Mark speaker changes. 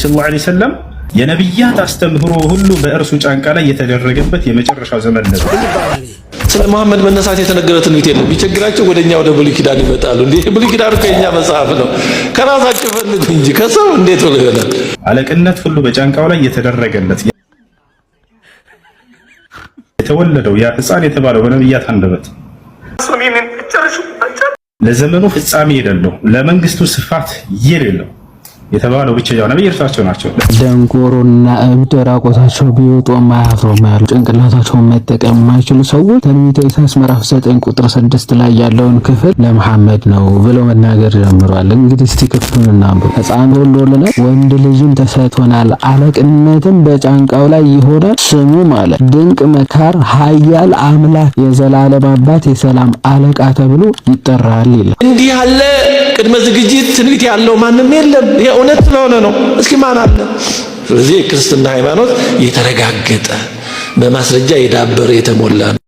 Speaker 1: ሰለላሁ ዐለይሂ ወሰለም የነቢያት አስተምህሮ ሁሉ በእርሱ ጫንቃ ላይ የተደረገበት የመጨረሻው ዘመን ነበር።
Speaker 2: ስለ መሐመድ መነሳት የተነገረ ትንቢት የለም። ቢቸግራቸው ወደኛ ወደ ብሉይ ኪዳን ይመጣሉ። እንዴ ብሉይ ኪዳን እኮ የኛ መጽሐፍ ነው። ከራሳቸው ፈልጉ እንጂ ከሰው እንዴት ብሎ ይሆናል?
Speaker 1: አለቅነት ሁሉ በጫንቃው ላይ የተደረገለት የተወለደው ያ ህፃን የተባለው በነቢያት አንደበት ለዘመኑ ፍጻሜ የሌለው ለመንግስቱ ስፋት የሌለው የተባለው ብቸኛው ነብይ እርሳቸው ናቸው።
Speaker 3: ደንቆሮና እብድ ራቆታቸው ቢወጡ ማያፍሩ ያሉ ጭንቅላታቸውን መጠቀም የማይችሉ ሰዎች ትንቢተ ኢሳያስ ምዕራፍ ዘጠኝ ቁጥር ስድስት ላይ ያለውን ክፍል ለመሐመድ ነው ብለው መናገር ጀምሯል። እንግዲህ እስቲ ክፍሉን እናንብብ። ሕፃን ተወልዶልናል፣ ወንድ ልጅም ተሰጥቶናል፣ አለቅነትም በጫንቃው ላይ ይሆናል። ስሙ ማለት ድንቅ መካር፣ ኃያል አምላክ፣ የዘላለም አባት፣ የሰላም አለቃ ተብሎ ይጠራል ይላል።
Speaker 2: እንዲህ ያለ ቅድመ ዝግጅት ትንቢት ያለው ማንም የለም። የእውነት እውነት ስለሆነ ነው። እስኪ ማን አለ? ስለዚህ የክርስትና ሃይማኖት የተረጋገጠ በማስረጃ የዳበረ የተሞላ ነው።